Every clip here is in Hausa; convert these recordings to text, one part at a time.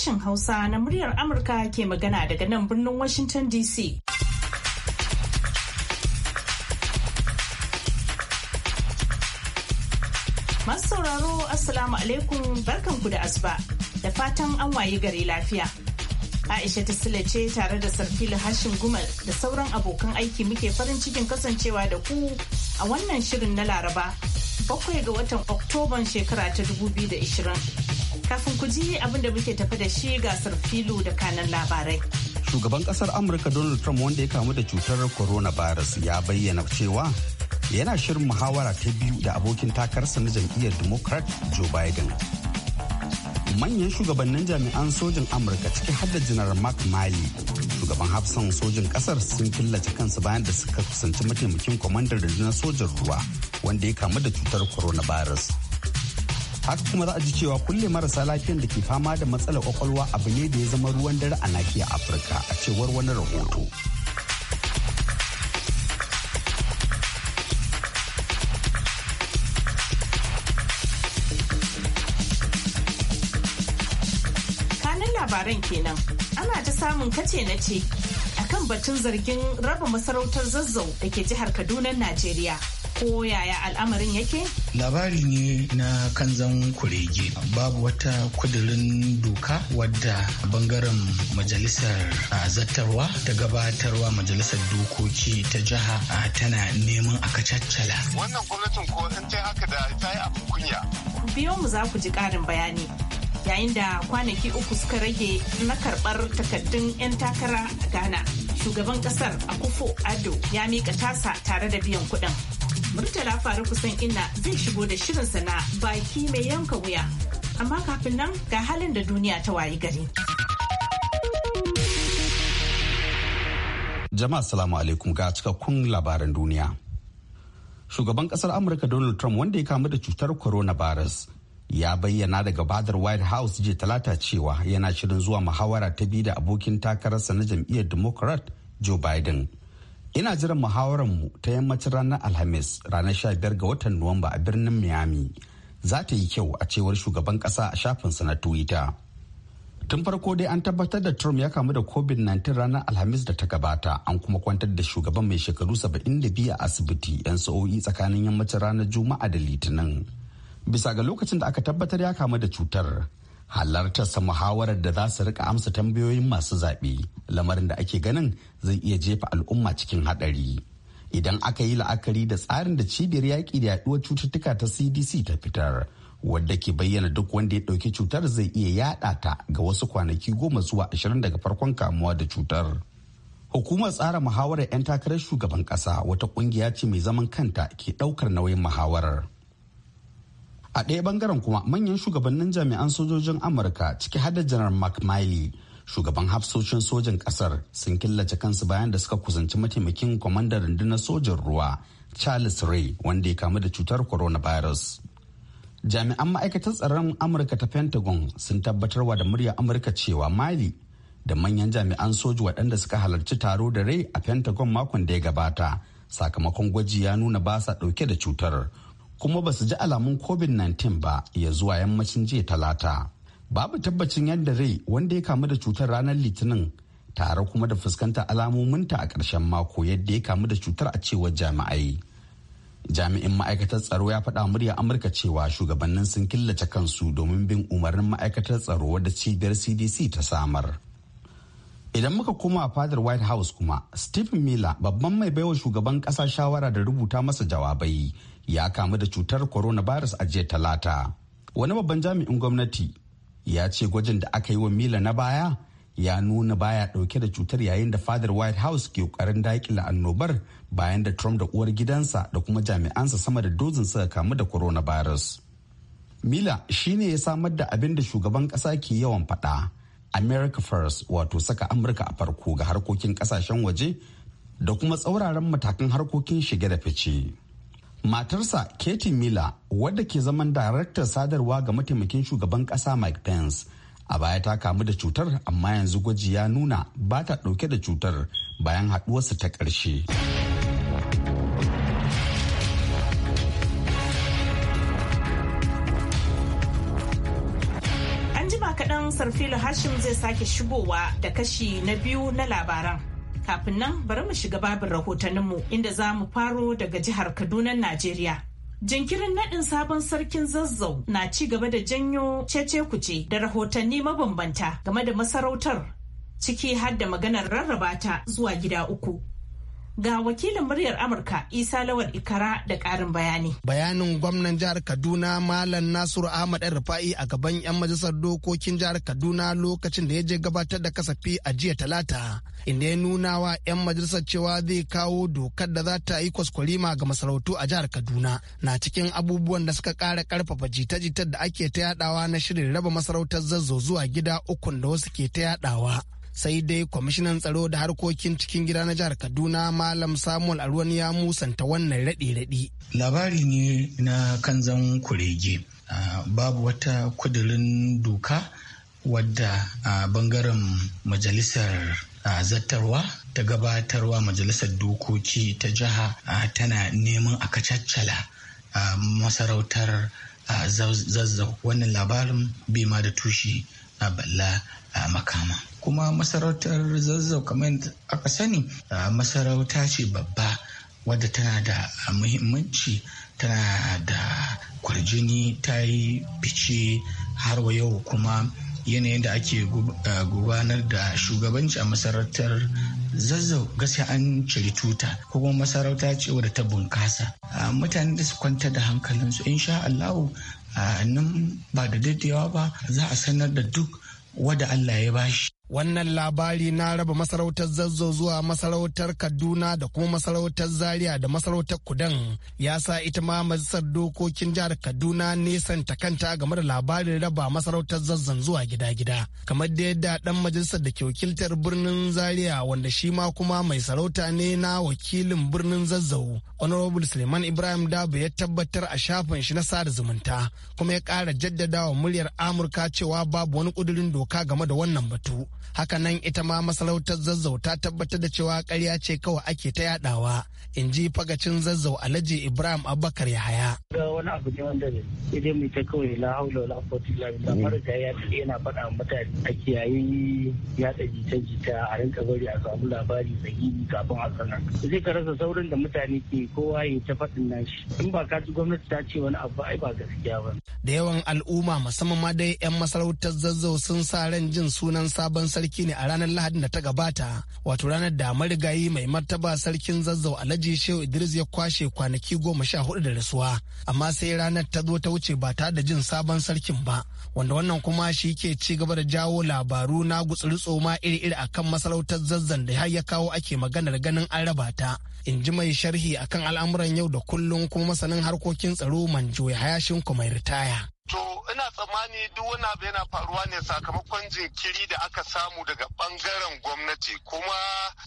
sashen Hausa na muryar Amurka ke magana daga nan birnin Washington DC. Masu sauraro Assalamu alaikum barkan ku da asuba da fatan an waye gari lafiya. Aisha ta sile ce tare da sarfili Lahashin Gumal da sauran abokan aiki muke farin cikin kasancewa da ku a wannan shirin na Laraba bakwai ga watan Oktoban shekara ta 2020. Kafin ku ji abin da muke tafi da shi gasar filu da kanan labarai. Shugaban kasar Amurka Donald Trump wanda ya kamu da cutar coronavirus ya bayyana cewa yana shirin muhawara ta biyu da abokin takarsa na jam'iyyar Democrat Joe Biden. Manyan shugabannin jami'an sojin Amurka ciki har da Janar Mark Miley shugaban hafsan sojin kasar sun killace kansu bayan da suka kusanci mataimakin kwamandar da sojan ruwa wanda ya kamu da cutar coronavirus haka kuma za a ji cewa kulle marasa lafiyan da ke fama da matsalar kwakwalwa abu ne da ya zama ruwan dare a nahiyar afirka a cewar wani rahoto kanin labaran kenan ana ta samun kace na ce akan batun zargin raba masarautar zazzau da ke jihar kaduna najeriya ko yaya al'amarin yake? Labari ne na kanzan kurege. Babu wata kudirin doka wadda bangaren majalisar zattarwa ta gabatarwa majalisar dokoki ta jiha tana neman a kacaccala. Wannan gwamnatin ko in ta haka da ta yi abin kunya. biyo mu za ku ji ƙarin bayani. Yayin da kwanaki uku suka rage na karɓar takardun 'yan takara a Ghana. Shugaban ƙasar Akufo Ado ya miƙa tasa tare da biyan kuɗin. Murtala faru kusan ina zai shigo da shirin na baki mai yanka wuya. Amma kafin nan ga halin da duniya ta wayi gari. Jama'a salamu alaikum ga cikakkun labaran duniya. Shugaban kasar Amurka Donald Trump wanda ya kamu da cutar Corona Virus ya bayyana daga badar White House jiya talata cewa yana shirin zuwa muhawara ta biyu da abokin takararsa na jam'iyyar Democrat Joe Biden. ina jiran muhawarar mu ta yammacin ranar alhamis ranar 15 ga watan nuwamba a birnin miami za ta yi kyau a cewar shugaban kasa a shafinsa na twitter tun farko dai an tabbatar da trump ya kamu da covid-19 ranar alhamis da ta gabata an kuma kwantar da shugaban mai shekaru 72 a asibiti 'yan sa'o'i tsakanin yammacin ranar juma'a da litinin bisa ga lokacin da aka tabbatar ya kamu da cutar Halartar halartarsa muhawarar da za su rika amsa tambayoyin masu zaɓe lamarin da ake ganin zai iya jefa al'umma cikin haɗari idan aka yi la'akari da tsarin da cibiyar yaƙi da yaɗuwar cututtuka ta cdc ta fitar wadda ke bayyana duk wanda ya ɗauki cutar zai iya yaɗa ta ga wasu kwanaki goma zuwa ashirin daga farkon kamuwa da cutar hukumar tsara muhawarar 'yan takarar shugaban ƙasa wata ƙungiya ce mai zaman kanta ke ɗaukar nauyin muhawarar a ɗaya bangaren kuma manyan shugabannin jami'an sojojin amurka ciki hada janar mark miley shugaban hafsoshin sojin kasar sun killace kansu bayan da suka kusanci mataimakin kwamandan rundunar sojin ruwa charles ray wanda ya kamu da cutar coronavirus jami'an ma'aikatar tsaron amurka ta pentagon sun tabbatar wa da murya amurka cewa mali da manyan jami'an soji waɗanda suka halarci taro da rai a pentagon makon da ya gabata sakamakon gwaji ya nuna ba sa ɗauke da cutar kuma ba su ji alamun covid-19 ba ya zuwa yammacin jiya talata babu tabbacin yadda rai wanda ya kamu da cutar ranar litinin tare kuma da fuskantar alamominta a ƙarshen mako yadda ya kamu da cutar a cewar jami'ai jami'in ma'aikatar tsaro ya faɗa murya amurka cewa shugabannin sun killace kansu domin bin umarnin ma'aikatar tsaro wadda cibiyar cdc ta samar idan muka koma fadar white house kuma stephen miller babban mai baiwa shugaban ƙasa shawara da rubuta masa jawabai ya kamu da cutar coronavirus a jiya talata wani babban jami'in gwamnati ya ce gwajin da aka yi wa mila na baya ya nuna baya dauke da cutar yayin da fadar white house ke kokarin daƙila annobar bayan da trump da uwar gidansa da kuma jami'ansa sama da dozin suka kamu da corona coronavirus mila shi ne ya samar da abin da shugaban kasa ke yawan faɗa america first wato saka amurka a farko ga harkokin kasashen waje da kuma tsauraran matakan harkokin shige da fice Matarsa Katie Miller wadda ke zaman daraktar sadarwa ga mataimakin shugaban kasa Mike Pence a baya ta kamu da cutar amma yanzu gwaji ya nuna ba ta dauke da cutar bayan haduwarsa ta ƙarshe. An jima kaɗan Sarfilu Hashim zai sake shigowa da kashi na biyu na labaran. kafin nan bari mu shiga babin rahotanninmu inda za mu faro daga jihar Kaduna, Najeriya. Jinkirin naɗin sabon sarkin zazzau na ci gaba da janyo cece kuce da rahotanni mabambanta game da masarautar ciki har da maganar rarraba ta zuwa gida uku. Ga wakilin muryar Amurka Isa Lawal Ikara da karin bayani. Bayanin gwamnan jihar Kaduna Malam Nasiru Ahmad Rufa'i a gaban 'yan majalisar dokokin jihar Kaduna lokacin da ya je gabatar da kasafi a jiya Talata. Inda ya nuna wa 'yan majalisar cewa zai kawo dokar da za ta yi kwaskwarima ga masarautu a jihar Kaduna na cikin abubuwan da suka kara karfafa jita-jitar da ake ta yadawa na shirin raba masarautar zazzau zuwa gida ukun da wasu ke ta yadawa. sai dai kwamishinan tsaro da harkokin cikin gida na jihar kaduna malam samuel aruwan ya musanta wannan raɗe-raɗe labari ne na kanzan kurege ah, babu wata kudurin doka wadda a ah, bangaren majalisar a ah, zattarwa ta gabatarwa majalisar dokoki ta jiha tana neman a kacaccala masarautar zazzau wannan labarin bai ma da tushe a balla A makama kuma masarautar zazzau kamar aka sani masarauta ce babba wadda tana da muhimmanci tana da kwarjini ta yi fice har wa yau kuma yanayin da ake gudanar da shugabanci a masarautar zazzau gaskiya an cire tuta kuma masarauta ce wadda ta bunkasa mutane da su kwanta da hankalinsu insha Allahu nan ba da daidaiwa ba za a sanar da duk wadda Allah ya bashi wannan labari na raba masarautar zazzau zuwa masarautar kaduna da kuma masarautar zaria da masarautar kudan ya sa ita ma majalisar dokokin jihar kaduna ta kanta game da labarin raba masarautar zazzon zuwa gida-gida kamar da yadda dan majalisar da ke wakiltar birnin zaria wanda shi ma kuma mai sarauta ne na wakilin birnin zazzau honorable suleiman ibrahim dabu ya tabbatar a shafin shi na sada zumunta kuma ya kara jaddadawa muryar amurka cewa babu wani kudurin doka game da wannan batu hakanan ita ma masarautar zazzau ta tabbatar da cewa karya ce kawai ake ta yadawa in ji fagacin zazzau alhaji ibrahim abubakar yahaya ga wani abu ne wanda idan mai ta kawai la haula la quwwata illa mara da ya ce yana faɗa mutane a kiyayi yada jita jita a rinka bari a samu labari sahihi kafin a sanar Zai ka rasa saurin da mutane ke kowa ya ta faɗin nashi in ba ka ji gwamnati ta ce wani abu ai ba gaskiya ba da yawan al'umma musamman ma dai yan masarautar zazzau sun sa ran jin sunan sabon sarki ne a ranar Lahadin da ta gabata, wato ranar da marigayi mai martaba sarkin zazzau Alhaji Shehu Idris ya kwashe kwanaki goma sha hudu da rasuwa, amma sai ranar ta zo ta wuce ba ta da jin sabon sarkin ba, wanda wannan kuma shi ke ci gaba da jawo labaru na gutsuri tsoma iri-iri akan masarautar zazzan da har ya kawo ake maganar ganin an raba ta. in ji mai sharhi akan al'amuran yau da kullum kuma masanin harkokin tsaro manjo hayashin mai ritaya. To ina tsammani duk wani abu yana faruwa ne sakamakon jinkiri da aka samu daga bangaren gwamnati kuma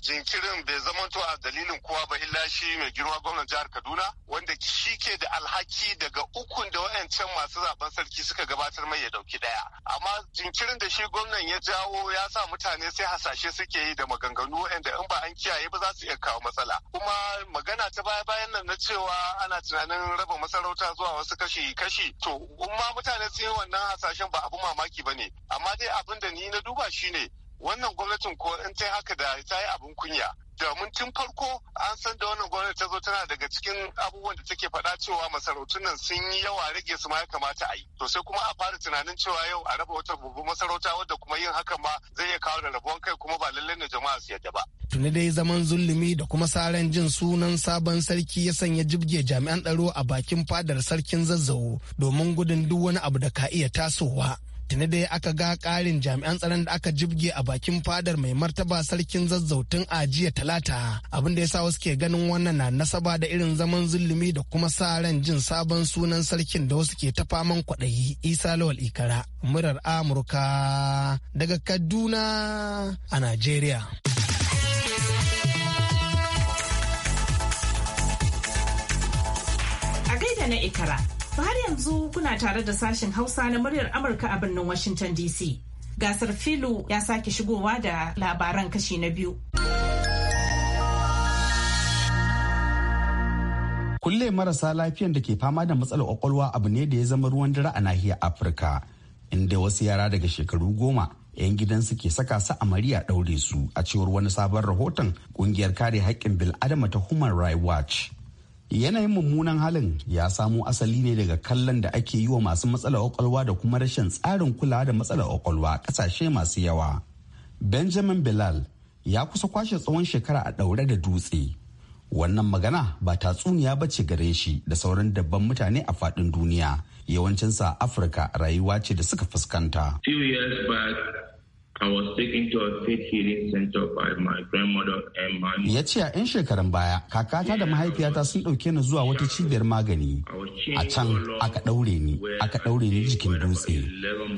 jinkirin bai to a dalilin kowa ba illa shi mai girma gwamnan jihar Kaduna wanda shi ke da alhaki daga ukun da wayancan masu zaben sarki suka gabatar mai ya dauki daya. Amma jinkirin da shi gwamnan ya jawo ya sa mutane sai hasashe suke yi da maganganu wayanda in ba an kiyaye ba za su iya kawo matsala. Kuma kuma magana ta baya bayan nan na cewa ana tunanin raba masarauta zuwa wasu kashi-kashi to umma mutane sun yi wannan hasashen ba abu mamaki ba ne amma dai abin da ni na duba shine wannan gwamnatin ko in ta yi haka da ta yi abin kunya domin tun farko an san da wannan gwamnati ta zo tana daga cikin abubuwan da take faɗa cewa masarautun nan sun yi yawa rage su ma ya kamata a yi to sai kuma a fara tunanin cewa yau a raba wata bubu masarauta wadda kuma yin hakan ma zai iya kawo da rabuwan kai kuma ba lallai ne jama'a su yadda ba tuni dai zaman zulumi da kuma saran jin sunan sabon sarki ya sanya jibge jami'an tsaro a bakin fadar sarkin zazzawo domin gudun duk wani abu da ka iya tasowa tuni dai aka ga ƙarin jami'an tsaron da aka jibge a bakin fadar mai martaba sarkin zazzautun ajiya talata abinda da ya sa wasu ke ganin wannan na nasaba da irin zaman zulumi da kuma sa ran jin sabon sunan sarkin da wasu ke ta faman kwaɗayi isa lawal ikara murar amurka daga kaduna a najeriya a na ikara Har yanzu kuna tare da sashen Hausa na muryar Amurka a birnin Washington DC. Gasar filu ya sake shigowa da labaran kashi na biyu. Kulle marasa lafiyan da ke fama da matsalar kwakwalwa abu ne da ya zama ruwan dare a nahiyar Afirka, inda wasu yara daga shekaru goma 'yan gidansu ke saka su a mariya ɗaure su a cewar wani sabon rahoton kungiyar kare haƙƙin bil'adama ta Human Rights Watch. yanayin mummunan halin ya samo asali ne daga kallon da ake yi wa masu matsalar kwakwalwa da kuma rashin tsarin kulawa da matsalar kwakwalwa kasashe masu yawa benjamin bilal ya kusa kwashe tsawon shekara a ɗaure da dutse wannan magana ba tatsuniya ba ce gare shi da sauran dabban mutane a faɗin duniya yawancinsa afirka rayuwa ce da suka fuskanta. Ya ce a 'yan shekarun baya, kakata da mahaifiyata sun ɗauke ni zuwa wata cibiyar magani. A can aka ɗaure ni, aka ɗaure ni jikin dutse,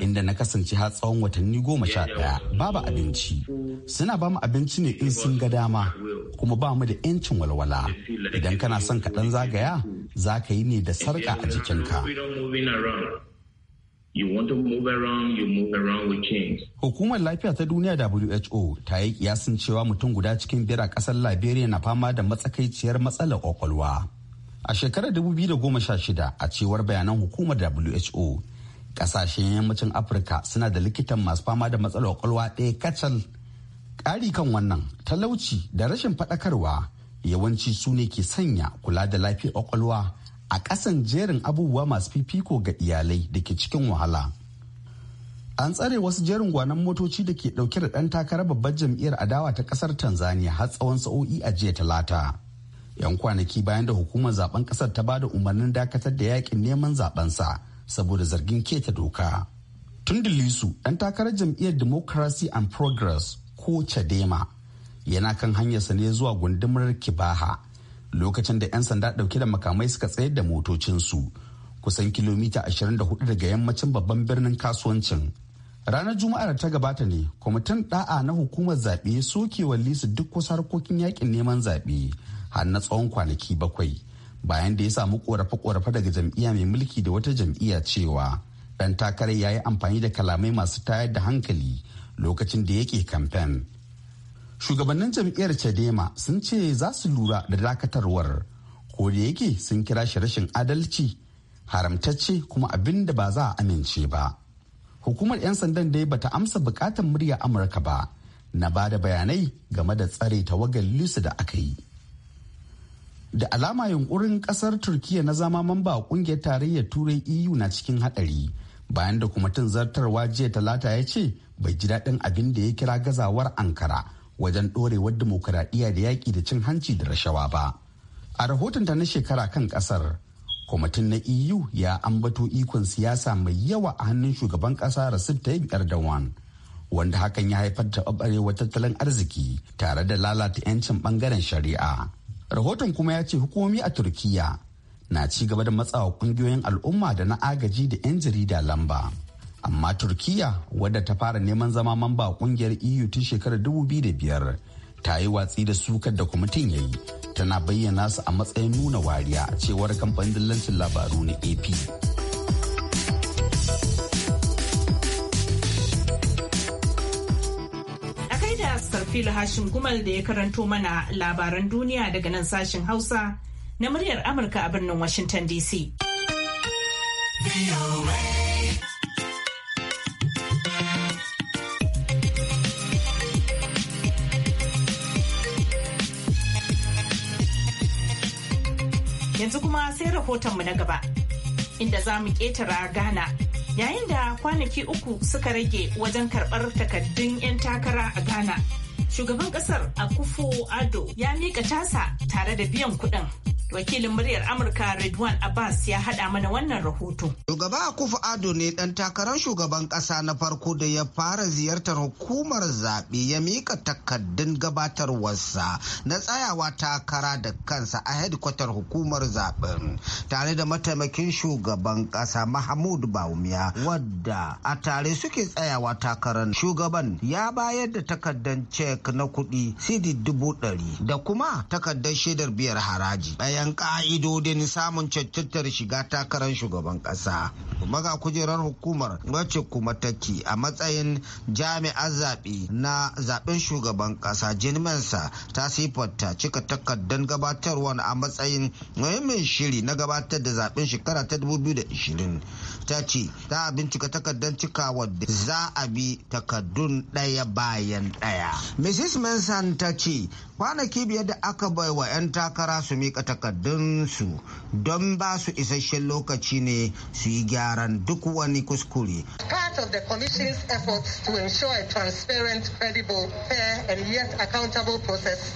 inda na kasance har tsawon watanni goma sha ɗaya, babu abinci. Suna ba mu abinci ne in sun ga dama, kuma ba mu da 'yancin walwala. Idan kana son kaɗan zagaya, za ka yi ne da sarƙa a jikinka. You want to move around, you move around with change. Hukumar lafiya ta duniya WHO ta yi kiyasin cewa mutum guda cikin biyar a ƙasar Liberia na fama da matsakaiciyar matsalar kwakwalwa. A shekarar 2016 a cewar bayanan hukumar WHO, ƙasashen yammacin Afirka suna da likitan masu fama da matsalar kwakwalwa ɗaya kacal. Ƙari kan wannan, talauci da rashin faɗakarwa yawanci su ne ke sanya kula da lafiyar kwakwalwa a ƙasan jerin abubuwa masu fifiko ga iyalai da ke cikin wahala. An tsare wasu jerin gwanon motoci da ke ɗauke da ɗan takarar babbar jam'iyyar adawa ta ƙasar Tanzania har tsawon sa'o'i a jiya talata. 'Yan kwanaki bayan da hukumar zaben ƙasar ta bada umarnin dakatar da yakin neman sa saboda zargin keta doka. Tun da ɗan takarar jam'iyyar Democracy and Progress ko Chadema yana kan hanyarsa ne zuwa gundumar Kibaha lokacin da 'yan sanda ɗauke da makamai suka tsayar da motocinsu kusan kilomita 24 daga yammacin babban birnin kasuwancin ranar juma'ar ta gabata ne kwamitin da'a na hukumar zaɓe soke wa lisu duk wasu harkokin yakin neman zaɓe har na tsawon kwanaki bakwai bayan da ya samu korafe-korafe daga jam'iyya mai mulki da wata jam'iyya cewa ɗan takarar ya yi amfani da kalamai masu tayar da hankali lokacin da yake kamfen shugabannin jam'iyyar chadema sun ce za su lura da dakatarwar ko da yake sun kira shi rashin adalci haramtacce kuma abin da ba za a amince ba hukumar 'yan sandan dai bata amsa bukatar murya amurka ba na ba da bayanai game da tsare tawagar lisu da aka yi da alama yunkurin kasar turkiya na zama mamba a kungiyar tarayyar turai eu na cikin hadari bayan da kuma tun zartarwa jiya talata ya ce bai ji daɗin abin da ya kira gazawar ankara wajen ɗorewar dimokuraɗiyya da yaƙi da cin hanci da rashawa ba. A rahotonta na shekara kan ƙasar, kwamitin na EU ya ambato ikon siyasa mai yawa a hannun shugaban ƙasa Rasul Tayyip Erdogan, wanda hakan ya haifar da ɓarewar tattalin arziki tare da lalata 'yancin ɓangaren shari'a. Rahoton kuma ya ce hukumomi a Turkiyya na ci gaba da matsawa ƙungiyoyin al'umma da na agaji da 'yan jarida lamba. amma turkiya wadda ta fara neman zama mamba a kungiyar eu tun shekarar 2005 ta yi watsi da sukar da kwamitin ya yi tana bayyana su a matsayin nuna wariya a cewar kamfanin dillancin labaru na ap Sarfilu Hashim Gumal da ya karanto mana labaran duniya daga nan sashen Hausa na muryar Amurka a birnin Washington DC. Yanzu kuma sai rahotonmu na gaba, inda za mu ƙetara Ghana. Yayin da kwanaki uku suka rage wajen karɓar takaddun 'yan takara a Ghana, shugaban ƙasar Akufo Ado ya miƙa tasa tare da biyan kuɗin. Wakilin muryar Amurka Redwan Abbas ya haɗa mana wannan rahoto. Shugaba Akufu Ado ne ɗan takarar shugaban ƙasa na farko da ya fara ziyartar hukumar zaɓe ya mika takaddun gabatarwarsa na tsayawa takara da kansa a hedikwatar hukumar zaɓen tare da mataimakin shugaban ƙasa Mahmud Bawumia wadda a tare suke tsayawa takarar shugaban ya bayar da takaddan cek na kuɗi sidi dubu ɗari da kuma takardar shaidar biyar haraji. Ɗayan kan ka'idodin samun cancantar shiga takarar shugaban ƙasa. Kuma ga kujerar hukumar wacce kuma take a matsayin jami'ar zaɓe na zaɓen shugaban ƙasa jinmansa ta sifarta cika takardar gabatarwa a matsayin muhimmin shiri na gabatar da zaɓen shekara ta 2020. ta ce ta bincika takardar cikawa da za a bi takardun ɗaya bayan ɗaya. Mrs. Manson ta ce kwanaki biyar da aka bai wa 'yan takara su mika takardunsu don ba su isasshen lokaci ne su yi gyaran duk wani kuskure. Part of the Commission's efforts to ensure a transparent, credible, fair and yet accountable process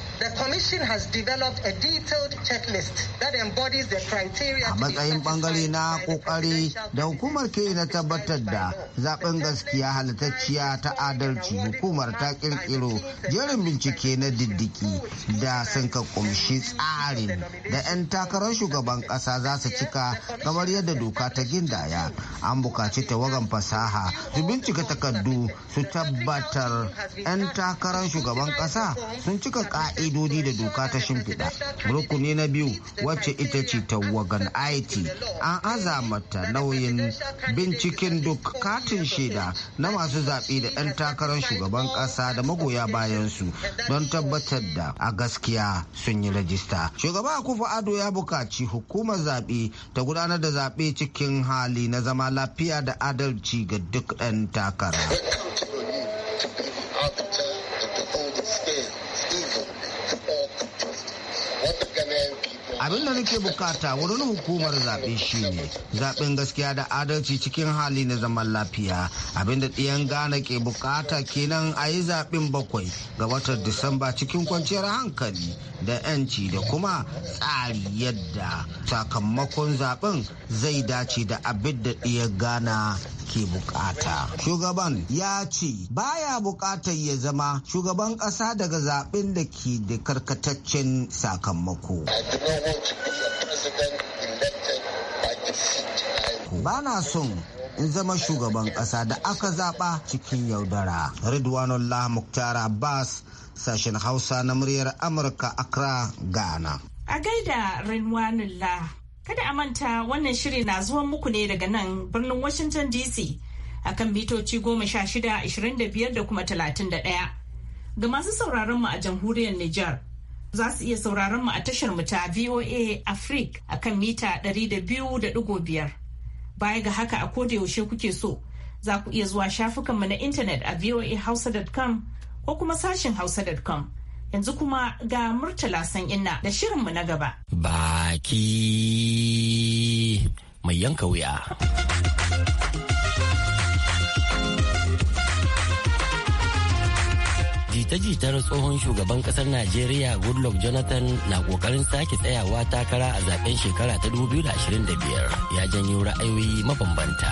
a matsayin ɓangare na ƙoƙari da hukumar ke na tabbatar da zaben gaskiya halittacciya ta adalci hukumar ta ƙirƙiro jerin bincike na diddiki da sun ka kumshi tsarin da 'yan takarar shugaban ƙasa za su cika kamar yadda doka ta gindaya an bukaci tawagan fasaha su bincika takardu su tabbatar 'yan takarar shugaban ƙasa sun cika ka'i ƙa'idodi da doka ta shimfiɗa rukuni na biyu wacce ita ce tawagan it an aza mata nauyin binciken duk katin shaida na masu zaɓe da 'yan takarar shugaban ƙasa da magoya bayansu don tabbatar da a gaskiya sun yi rajista shugaba kufa ado ya buƙaci hukumar zaɓe ta gudanar da zaɓe cikin hali na zama lafiya da adalci ga duk 'yan takara abin da nake bukata wurin hukumar zaɓe shine zaɓen gaskiya da adalci cikin hali na zaman lafiya abin da ɗiyan ghana ke bukata kenan a yi zaɓen bakwai ga watan disamba cikin kwanciyar hankali da 'yanci da kuma tsari yadda sakamakon zaɓen zai dace da abin da ɗiyan ghana ake bukata. Shugaban ya ce baya bukatar ya zama shugaban ƙasa daga zaɓen da ke da karkataccen sakamako. Ba na son in zama shugaban ƙasa da aka zaɓa cikin yaudara. Ridwanullah Muktar Abbas, sashen Hausa na muryar Amurka, Accra, Ghana. A gaida Ridwanullah. Kada a manta wannan shiri na zuwan muku ne daga nan birnin Washington DC akan mitoci goma sha shida da biyar da kuma talatin da ɗaya. Ga masu sauraron mu a jamhuriyar Nijar za su iya sauraron mu a tashar mu ta VOA Africa kan mita ɗari da biyu da Baya ga haka a koda yaushe kuke so za ku iya zuwa shafukanmu na intanet a voahausa.com ko kuma sashin hausa.com. Yanzu kuma ga Murtala San Inna da shirinmu na gaba. Baki mai yanka wuya. jita-jitar tsohon shugaban kasar najeriya goodluck jonathan na kokarin sake tsayawa takara a zaben shekara ta 2025 ya janyo ra'ayoyi mabambanta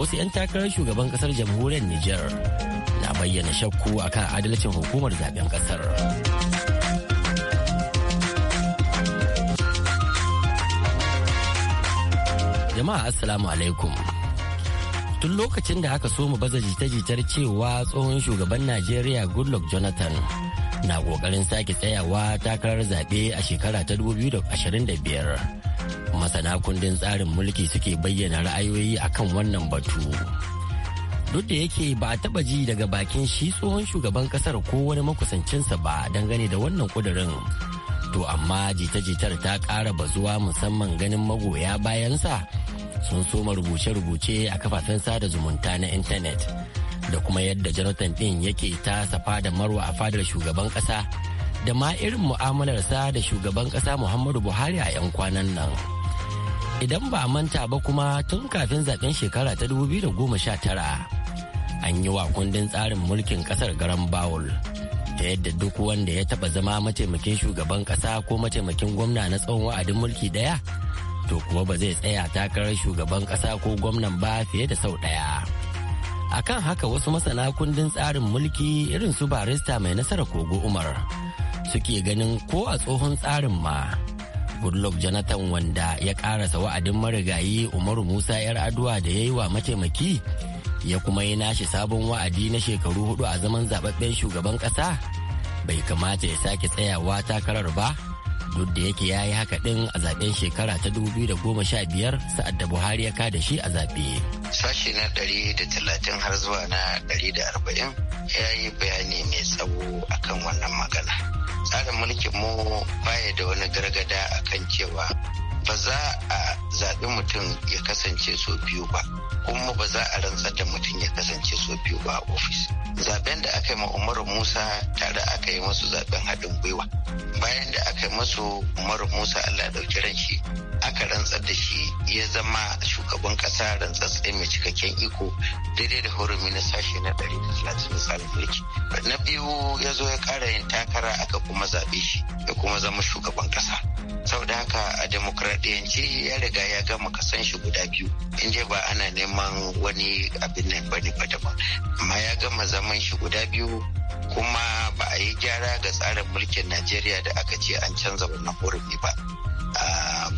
wasu 'yan takarar shugaban kasar jamhuriyar Nijar na bayyana shakku akan adalcin hukumar zaben kasar. jama'a assalamu alaikum tun lokacin da aka so mu baza jita-jitar cewa tsohon shugaban najeriya goodluck jonathan na kokarin sake tsayawa takarar zaɓe a shekara ta 2025 masana kundin tsarin mulki suke bayyana ra'ayoyi akan wannan batu duk da yake ba a taba ji daga bakin shi tsohon shugaban kasar ko wani makusancinsa ba dangane da wannan kudirin to amma jita-jitar ta ƙara bazuwa musamman ganin magoya bayansa sun soma rubuce-rubuce a kafafen sada zumunta na intanet da kuma yadda jonathan din yake ta safa da marwa a fadar shugaban kasa da ma irin mu'amalarsa da shugaban kasa muhammadu buhari a 'yan kwanan nan idan ba manta ba kuma tun kafin zaben shekara ta 2019 an yi wa kundin tsarin mulkin kasar garan bawul ta yadda duk wanda ya taba zama mataimakin shugaban kasa ko mataimakin gwamna na tsawon wa'adin mulki daya to kuma ba zai tsaya takarar shugaban ƙasa ko gwamnan ba fiye da sau ɗaya. kan haka wasu masana kundin tsarin mulki irin su barista mai nasara kogo umar suke ganin ko a tsohon tsarin ma goodluck jonathan wanda ya karasa wa'adin marigayi umaru musa yar aduwa da ya yi wa mataimaki ya kuma yi nashi sabon wa'adi na shekaru hudu a zaman zababben shugaban ƙasa. bai kamata ya sake tsayawa takarar ba duk da yake ya yi haka ɗin a zaben shekara ta 2015 sa'ad da buhari ya kada shi a zaɓe. sashi na 130 har zuwa na 140 ya yi bayani mai tsawo akan wannan magana tsarin mulkin mu baya da wani gargada akan cewa ba za a zaɓi mutum ya kasance so biyu ba kuma ba za a rantsar da mutum ya kasance so biyu ba a ofis zaben da aka yi ma umaru musa tare aka yi masu zaben haɗin gwiwa bayan da aka yi masu umaru musa allah ya ɗauki ran shi aka rantsar da shi ya zama shugaban ƙasa rantsar tsaye mai cikakken iko daidai da horumi na sashe na ɗari da talatin da tsarin mulki na biyu ya zo ya ƙara yin takara aka kuma zaɓe shi ya kuma zama shugaban ƙasa sau da haka a demokradiyance ya riga ya gama kasan shi guda biyu in ba ana neman wani abin nan ne ba daban amma ya gama zama malaman shi guda biyu kuma ba a yi gyara ga tsarin mulkin najeriya da aka ce an canza wannan hurumi ba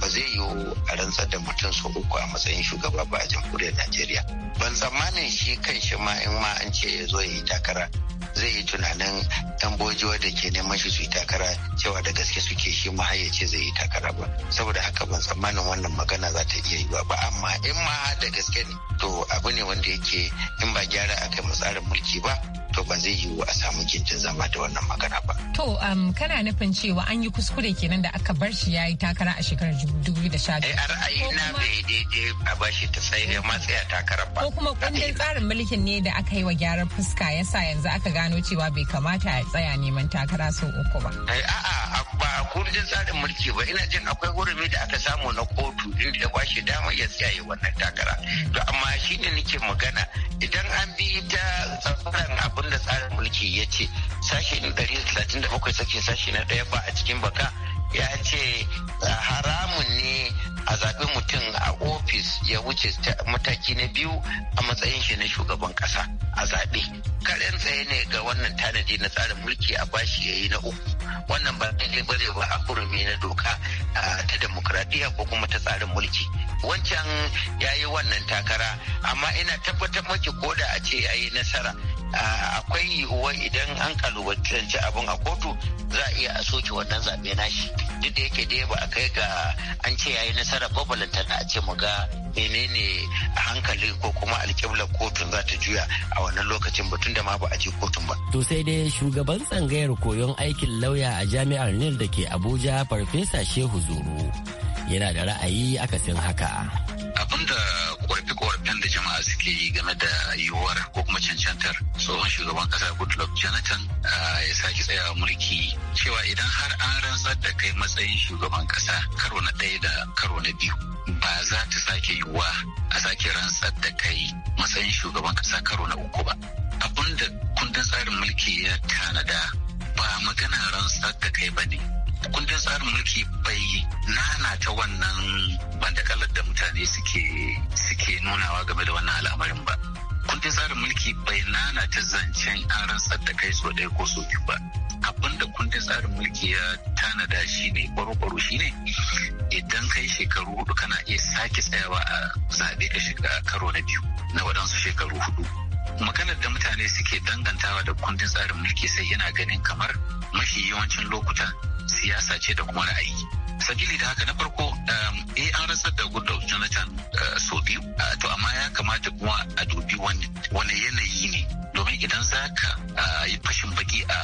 ba zai yiwu a rantsar da mutum sau uku a matsayin shugaba ba a jamhuriyar najeriya ban tsammanin shi kan shi ma in ma an ce ya zo ya yi takara zai yi tunanin yan bojiwa da ke neman shi su yi takara cewa da gaske suke shi ma ya ce zai yi takara ba saboda haka ban tsammanin wannan magana za ta iya yi ba amma in ma da gaske ne to abu ne wanda yake in ba gyara a kai tsarin mulki ba to ba zai yiwu a samu gindin zama da wannan magana ba. To um, kana nufin cewa an yi kuskure kenan da aka bar shi ya yi takara a shekarar 2015. Eh ra'ayi na bai daidai a bashi ta sai ya ma tsaya takara ba. Ko kuma kundin tsarin mulkin ne da aka yi wa gyaran fuska ya sa yanzu aka gano cewa bai kamata ya tsaya neman takara sau uku ba. Eh, a'a ba kundin tsarin mulki ba ina jin akwai hurumi da aka samu na abin da ya bashi dama ya tsaya wannan takara to amma shine nake magana idan an bi ta tsarin abin da tsarin mulki ya ce sashi na 137 sashi sashi na ɗaya ba a cikin baka ya ce ah, haramun ne a zaɓi mutum a ofis ya wuce mataki na biyu a matsayin shi na shugaban ƙasa a zaɓe karen tsaye ne ga wannan tanadi na tsarin mulki a bashi yayi na uku wannan ba daidai zai ba a kurumi na doka ta demokradiyya ko kuma ta tsarin mulki wancan ya yi wannan takara amma ina tabbatar maki ko da a ce ya yi nasara akwai yiwuwar idan an kalubalanci abin a kotu za a iya a soke wannan zaɓe nashi duk da yake dai ba a kai ga an ce yayi nasara ba balantana a ce mu ga menene hankali ko kuma alƙiblar kotun za ta juya a wannan lokacin batun da ma ba a je kotun ba. To sai dai shugaban tsangayar koyon aikin lauya a jami'ar Nil da ke Abuja Farfesa Shehu Zuru yana da ra'ayi akasin haka. jama'a suke yi game da yiwuwar ko kuma cancantar tsohon shugaban kasa goodluck jonathan ya sake tsayawa mulki cewa idan har an rantsar da kai matsayin shugaban kasa karo na ɗaya da karo na biyu ba za ta sake yiwuwa a sake rantsar da kai matsayin shugaban kasa karo na uku ba da kundin tsarin mulki ya tanada ba magana rantsar da kai ba ne kundin tsarin mulki bai ta wannan kalar da mutane suke nunawa game da wannan al'amarin ba kundin tsarin mulki bai ta zancen an rantsar da kai so ɗaya ko so biyu ba abin da kundin tsarin mulki ya tanada shi ne kwaro shi ne idan kai shekaru hudu kana iya sake tsayawa a zaɓe ka shiga karo na biyu na waɗansu shekaru hudu maganar da mutane suke dangantawa da kundin tsarin mulki sai yana ganin kamar mafi yawancin lokuta siyasa ce da kuma ra'ayi sabili da haka na farko um, eh an rasa da goodluck jonathan uh, so biyu uh, to amma ya kamata kuma a dubi wani yanayi ne domin idan za ka uh, yi fashin baki a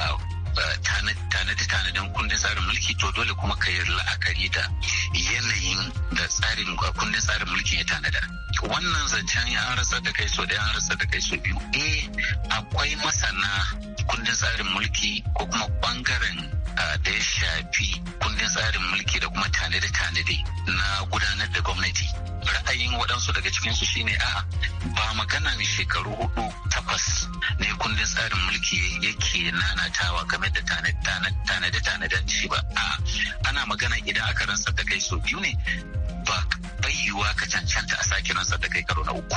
tanadi-tanaden kundin tsarin mulki to dole kuma ka yi la'akari da yanayin da tsarin kundin tsarin mulki ya tanada wannan zancen ya rasa da kai so da ya rasa da kai so biyu eh akwai masana kundin tsarin mulki ko kuma bangaren da ya shafi kundin tsarin mulki da kuma tanadi tanadi na gudanar da gwamnati ra'ayin waɗansu daga cikinsu shine a ba magana shekaru hudu takwas ne kundin tsarin mulki yake nanatawa game da tanade-tanaden shi ba a ana magana idan aka rantsar da kai sau biyu ne ba bayyuwa ka cancanta a sake rantsar da kai karo na uku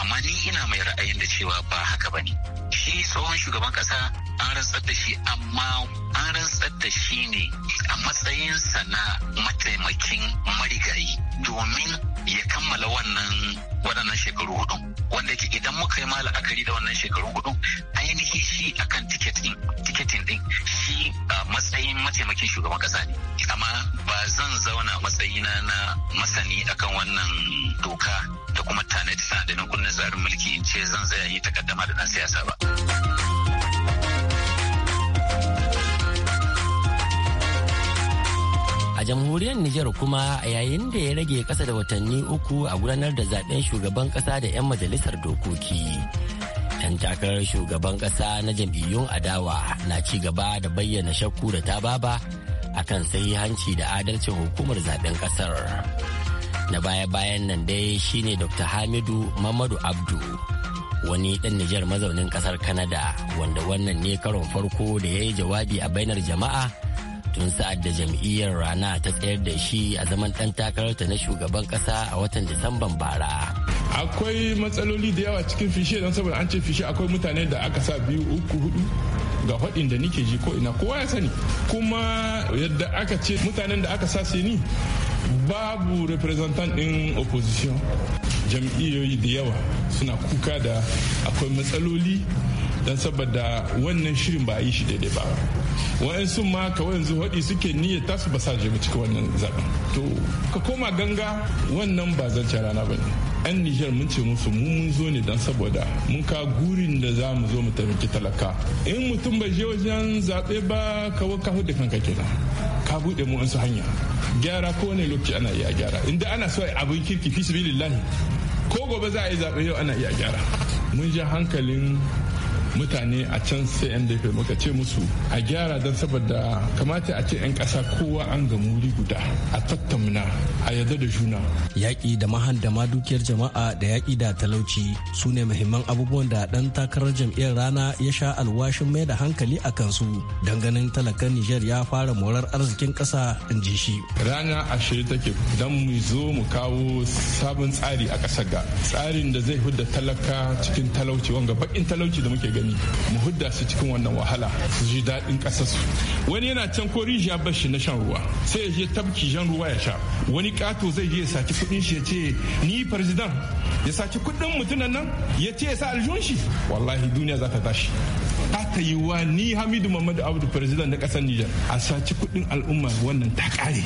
amma ni ina mai ra'ayin da cewa ba haka ba ne shi tsohon shugaban ƙasa an rantsar da shi amma an rantsar da shi ne a matsayinsa na mataimakin marigayi domin ya kammala wannan waɗannan shekaru hudu wanda ke idan muka yi ma la'akari da wannan shekaru hudu ainihi shi akan tiketin tiketin din shi matsayin mataimakin shugaban kasa ne amma ba zan zauna matsayina na masani akan wannan doka da kuma tanadi sanadin kunnen tsarin mulki in ce zan zaya yi takaddama da na siyasa ba. jamhuriyar Nijar kuma a yayin da ya rage kasa da watanni uku a gudanar da zaben shugaban kasa da 'yan majalisar dokoki. 'Yan takarar shugaban kasa na jam'iyyun adawa na ci gaba da bayyana shakku da ta baba a kan hanci da adalcin hukumar zaben kasar. Na baya-bayan nan dai shine Dr. Hamidu Mamadu Abdu. wani ɗan Nijar mazaunin ƙasar Kanada wanda wannan ne karon farko da ya yi jawabi a bainar jama'a tun sa'ad da jam'iyyar rana ta tsayar da shi a zaman dan takararta na shugaban kasa a watan disamban bara akwai matsaloli da yawa cikin fishe don saboda an ce fishe akwai mutane da aka sa biyu uku hudu ga faɗin da nike ji ko ina kowa ya sani kuma yadda aka ce mutanen da aka sa ni babu representant din opposition jam'iyyoyi da yawa suna kuka da akwai matsaloli don saboda wannan shirin ba a yi shi daidai ba sun ma wa'in yanzu haɗi suke niyyar tasu ba sa je ba cikin wannan zaɓen to ka koma ganga wannan ba zancen rana ba ne yan nijar mun ce musu mun mun zo ne don saboda mun ka gurin da za mu zo mu taimaki talaka in mutum bai je wajen zaɓe ba kawo ka da kanka kenan ka buɗe mu su hanya gyara ko wani lokaci ana iya gyara inda ana so a abin kirki fi lillahi ko gobe za a yi zaɓe yau ana iya gyara mun ji hankalin mutane a can sai muka ce musu a gyara don saboda kamata a ce 'yan kasa kowa an gamu muri guda a tattauna a yadda da juna yaƙi da mahan da ma dukiyar jama'a da yaƙi da talauci su ne muhimman abubuwan da dan takarar jam'iyyar rana ya sha alwashin mai da hankali a kansu ganin talakan nijar ya fara morar arzikin ƙasa in ji shi rana ashirin take don mu zo mu kawo sabon tsari a ƙasar ga tsarin da zai hudda talaka cikin talauci wanga bakin talauci da muke gani mu hudda su cikin wannan wahala su ji daɗin ƙasarsu wani yana can ko rijiya bashi na shan ruwa sai ya je tabki jan ruwa ya sha wani ƙato zai je ya saci kuɗin shi ya ce ni farzidan ya saci kuɗin mutunan nan ya ce ya sa aljihun shi wallahi duniya za ta tashi aka yi wa ni hamidu muhammadu abdu farzidan na ƙasar nijar a saci kuɗin al'umma wannan ta ƙare.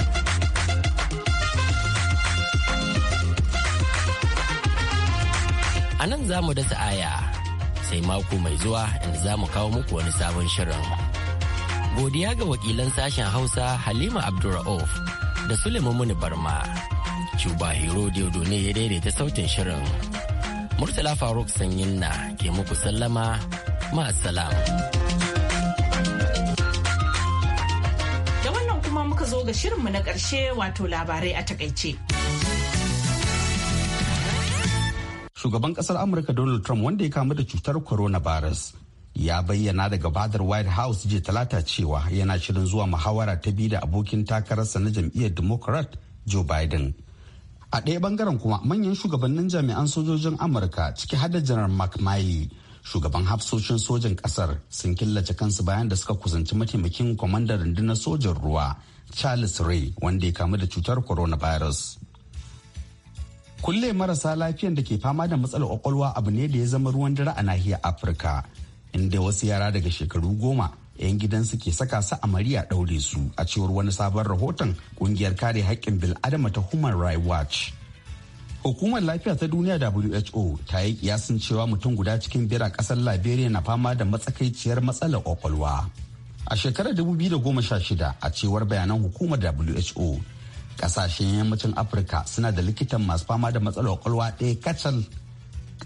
a nan za mu dasa aya sai mako mai zuwa inda za mu kawo muku wani sabon shirin. Godiya ga wakilan sashen Hausa Halima Abdurra'uf da Suleiman Muni Barma. Cuba Hero ne ya daidaita sautin shirin. Murtala Faruk Sanyin na ke muku sallama ma'asalam. Da wannan kuma muka zo ga shirinmu na ƙarshe wato labarai a takaice. shugaban kasar amurka donald trump wanda ya kamu da cutar coronavirus ya bayyana daga badar white house jiya talata cewa yana shirin zuwa muhawara ta biyu da abokin takararsa na jam'iyyar democrat joe biden a ɗaya bangaren kuma manyan shugabannin jami'an sojojin amurka ciki hada janar mark miley shugaban hafsoshin sojin ƙasar sun killace kansu bayan da suka kusanci mataimakin kwamandan rundunar sojin ruwa charles ray wanda ya kamu da cutar coronavirus. kulle marasa lafiyan da ke fama da matsalar kwakwalwa abu ne da ya zama ruwan dare a nahiyar afirka inda wasu yara daga shekaru goma 'yan gidan su ke saka su a mariya ɗaure su a cewar wani sabon rahoton kungiyar kare haƙƙin bil'adama ta human rights watch hukumar lafiya ta duniya who ta yi kiyasin cewa mutum guda cikin biyar a ƙasar liberia na fama da matsakaiciyar matsalar kwakwalwa a shekarar 2016 a cewar bayanan hukumar who kasashen yammacin afirka suna da likitan masu fama da matsalar kwakwalwa ɗaya kacal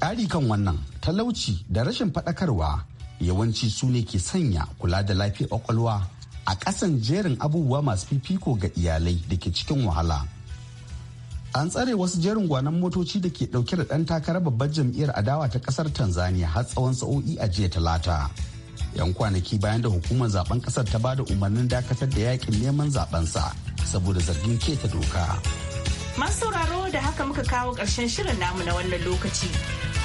ƙari kan wannan talauci da rashin faɗakarwa yawanci su ne ke sanya kula da lafiyar kwakwalwa a ƙasan jerin abubuwa masu fifiko ga iyalai da ke cikin wahala an tsare wasu jerin gwanan motoci da ke ɗauke da ɗan takarar babbar jam'iyyar adawa ta ƙasar tanzania har tsawon sa'o'i a jiya talata yan kwanaki bayan da hukumar zaben ƙasar ta bada umarnin dakatar da yakin neman zaben sa saboda zargin keta doka. Masu sauraro da haka muka kawo ƙarshen shirin namu na wannan lokaci.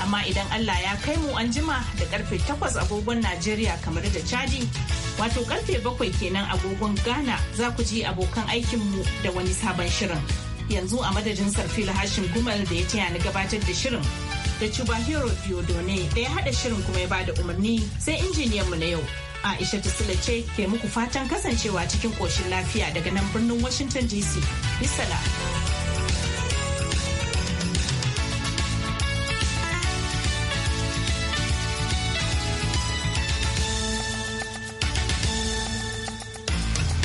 Amma idan Allah ya kai mu an jima da karfe takwas agogon Najeriya kamar da Chadi, wato karfe bakwai kenan agogon Ghana za ku ji abokan aikinmu da wani sabon shirin. Yanzu a madadin sarfi hashin gumal da ya taya ni gabatar da shirin. Da Chubahiro Diodone da ya haɗa shirin kuma ya bada umarni sai injiniyanmu na yau. Aisha Tisila ce ke muku fatan kasancewa cikin ƙoshin lafiya daga nan birnin Washington DC. Bisala.